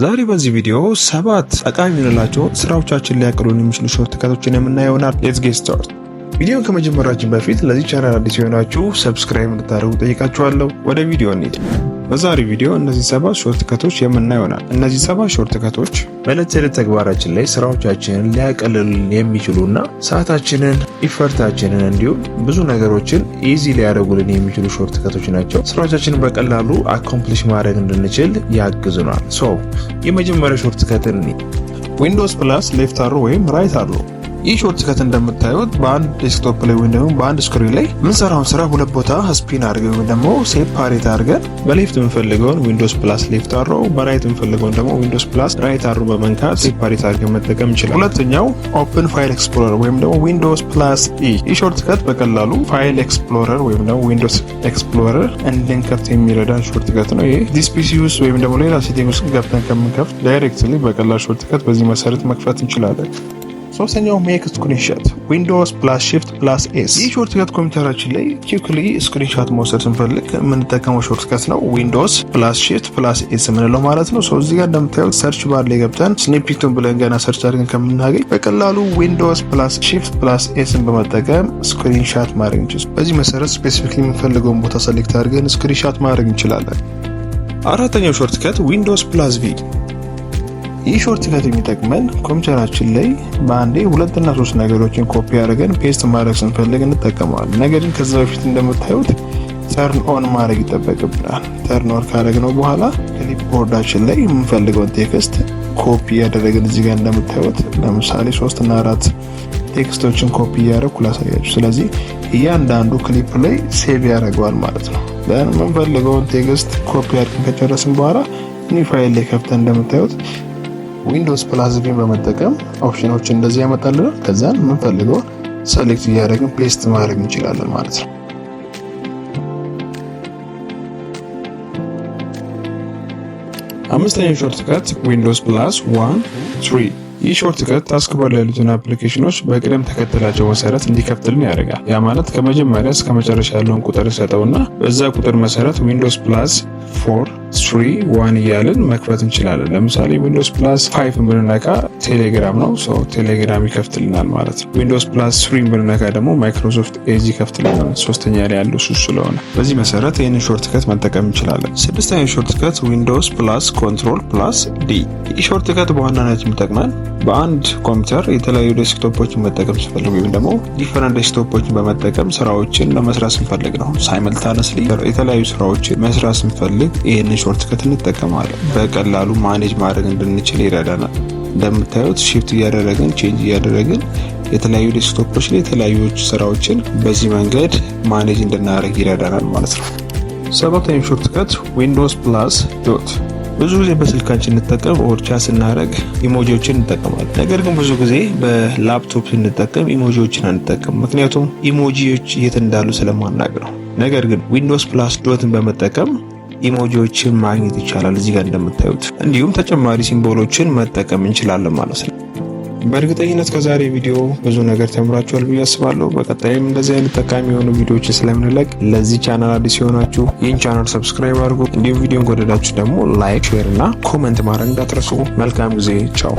ዛሬ በዚህ ቪዲዮ ሰባት ጠቃሚ የምንላቸው ስራዎቻችን ሊያቀሉልን የሚችሉ ሾርትካቶችን የምናየው ይሆናል። ሌትስ ጌት ስታርት። ቪዲዮን ከመጀመራችን በፊት ለዚህ ቻናል አዲስ የሆናችሁ ሰብስክራይብ እንድታደርጉ ጠይቃችኋለሁ። ወደ ቪዲዮ እንሂድ። በዛሬ ቪዲዮ እነዚህ ሰባት ሾርት ከቶች የምና ይሆናል። እነዚህ ሰባት ሾርት ከቶች በዕለት ተዕለት ተግባራችን ላይ ስራዎቻችንን ሊያቀልሉ የሚችሉና ሰዓታችንን ኢፈርታችንን እንዲሁም ብዙ ነገሮችን ኢዚ ሊያደርጉልን የሚችሉ ሾርት ከቶች ናቸው። ስራዎቻችንን በቀላሉ አኮምፕሊሽ ማድረግ እንድንችል ያግዙናል። ሶ የመጀመሪያ ሾርት ከትን ዊንዶውስ ፕላስ ሌፍት አሮ ወይም ራይት አሮ ይህ ሾርት ከት እንደምታዩት በአንድ ዴስክቶፕ ላይ ወይም ደግሞ በአንድ ስክሪን ላይ የምንሰራውን ስራ ሁለት ቦታ ስፒን አድርገን ወይም ደግሞ ሴፓሬት አድርገን በሌፍት የምንፈልገውን ዊንዶስ ፕላስ ሌፍት አሮ፣ በራይት የምንፈልገውን ደግሞ ዊንዶስ ፕላስ ራይት አሮ በመንካት ሴፓሬት አድርገን መጠቀም ይችላል። ሁለተኛው ኦፕን ፋይል ኤክስፕሎረር ወይም ደግሞ ዊንዶስ ፕላስ ኢ። ይህ ሾርት ከት በቀላሉ ፋይል ኤክስፕሎረር ወይም ደግሞ ዊንዶስ ኤክስፕሎረር እንድንከፍት የሚረዳን ሾርት ከት ነው። ይህ ዲስፒሲዩስ ወይም ደግሞ ሌላ ሴቲንግ ውስጥ ገብተን ከምንከፍት ዳይሬክትሊ በቀላል ሾርት ከት በዚህ መሰረት መክፈት እንችላለን። ሶስተኛው ሜክ ስክሪንሾት ዊንዶውስ ፕላስ ሺፍት ፕላስ ኤስ። ይህ ሾርትከት ኮምፒውተራችን ላይ ኪክሊ ስክሪንሾት መውሰድ ስንፈልግ የምንጠቀመው ሾርትከት ነው፣ ዊንዶውስ ፕላስ ሺፍት ፕላስ ኤስ የምንለው ማለት ነው። እዚህ ጋር እንደምታዩት ሰርች ባር ላይ ገብተን ስኒፒቱን ብለን ገና ሰርች አድርገን ከምናገኝ በቀላሉ ዊንዶውስ ፕላስ ሺፍት ፕላስ ኤስን በመጠቀም ስክሪንሾት ማድረግ እንችላለን። በዚህ መሰረት ስፔሲፊክ የምንፈልገውን ቦታ ሰሌክት አድርገን ስክሪንሾት ማድረግ እንችላለን። አራተኛው ሾርትከት ዊንዶውስ ፕላስ ቪ ይህ ሾርት ከት የሚጠቅመን ኮምፒውተራችን ላይ በአንዴ ሁለትና ሶስት ነገሮችን ኮፒ አድርገን ፔስት ማድረግ ስንፈልግ እንጠቀመዋል። ነገር ግን ከዛ በፊት እንደምታዩት ተርን ኦን ማድረግ ይጠበቅብናል። ተርን ኦን ነው በኋላ ክሊፕቦርዳችን ላይ የምንፈልገውን ቴክስት ኮፒ ያደረግን እዚህ ጋር እንደምታዩት ለምሳሌ ሶስት እና አራት ቴክስቶችን ኮፒ እያደረግኩ ላሳያችሁ። ስለዚህ እያንዳንዱ ክሊፕ ላይ ሴቭ ያደርገዋል ማለት ነው። የምንፈልገውን ቴክስት ኮፒ አድርገን ከጨረስን በኋላ ኒ ፋይል ላይ ከፍተን እንደምታዩት ዊንዶውስ ፕላስ ቪን በመጠቀም ኦፕሽኖችን እንደዚህ ያመጣልናል። ከዛን የምንፈልገው ሰሌክት እያደረግን ፔስት ማድረግ እንችላለን ማለት ነው። አምስተኛው ሾርትካት ዊንዶውስ ፕላስ ዋን ትሪ ይህ ከት ታስክ ባር ላይ ያሉትን አፕሊኬሽኖች በቅደም ተከተላቸው መሰረት እንዲከፍትልን ያደርጋል። ያ ማለት ከመጀመሪያ እስከ መጨረሻ ያለውን ቁጥር ይሰጠውና በዛ ቁጥር መሰረት ዊንዶስ ፕላስ ፎር ስሪ ዋን እያልን መክፈት እንችላለን። ለምሳሌ ዊንዶስ ፕላስ ፋይቭን ብንነካ ቴሌግራም ነው፣ ሰው ቴሌግራም ይከፍትልናል ማለት ነው። ዊንዶስ ፕላስ ስሪ ብንነካ ደግሞ ማይክሮሶፍት ኤጅ ይከፍትልናል፣ ሶስተኛ ላይ ያለው እሱ ስለሆነ። በዚህ መሰረት ይህንን ሾርት ከት መጠቀም እንችላለን። ስድስተኛ ከት ዊንዶስ ፕላስ ኮንትሮል ፕላስ ዲ። ይህ ሾርት ከት በዋናነት የሚጠቅመን በአንድ ኮምፒውተር የተለያዩ ዴስክቶፖችን መጠቀም ስፈልግ ወይም ደግሞ ዲፈረንት ዴስክቶፖችን በመጠቀም ስራዎችን ለመስራት ስንፈልግ ነው። ሳይመልታነስሊ የተለያዩ ስራዎችን መስራት ስንፈልግ ይህንን ሾርትከት እንጠቀማለን። በቀላሉ ማኔጅ ማድረግ እንድንችል ይረዳናል። እንደምታዩት ሺፍት እያደረግን ቼንጅ እያደረግን የተለያዩ ዴስክቶፖች ላይ የተለያዩ ስራዎችን በዚህ መንገድ ማኔጅ እንድናደርግ ይረዳናል ማለት ነው። ሰባተኛው ሾርትከት ዊንዶውስ ፕላስ ዶት ብዙ ጊዜ በስልካችን እንጠቀም ኦርቻ ስናደረግ ኢሞጂዎችን እንጠቀማለን። ነገር ግን ብዙ ጊዜ በላፕቶፕ ስንጠቀም ኢሞጂዎችን አንጠቀም፣ ምክንያቱም ኢሞጂዎች የት እንዳሉ ስለማናቅ ነው። ነገር ግን ዊንዶውስ ፕላስ ዶትን በመጠቀም ኢሞጂዎችን ማግኘት ይቻላል። እዚህ ጋር እንደምታዩት እንዲሁም ተጨማሪ ሲምቦሎችን መጠቀም እንችላለን ማለት ነው። በእርግጠኝነት ከዛሬ ቪዲዮ ብዙ ነገር ተምራችኋል ብዬ አስባለሁ። በቀጣይም እንደዚህ አይነት ጠቃሚ የሆኑ ቪዲዮዎችን ስለምንለቅ ለዚህ ቻናል አዲስ የሆናችሁ ይህን ቻናል ሰብስክራይብ አድርጉ። እንዲሁም ቪዲዮን ከወደዳችሁ ደግሞ ላይክ፣ ሼር እና ኮመንት ማድረግ እንዳትረሱ። መልካም ጊዜ። ቻው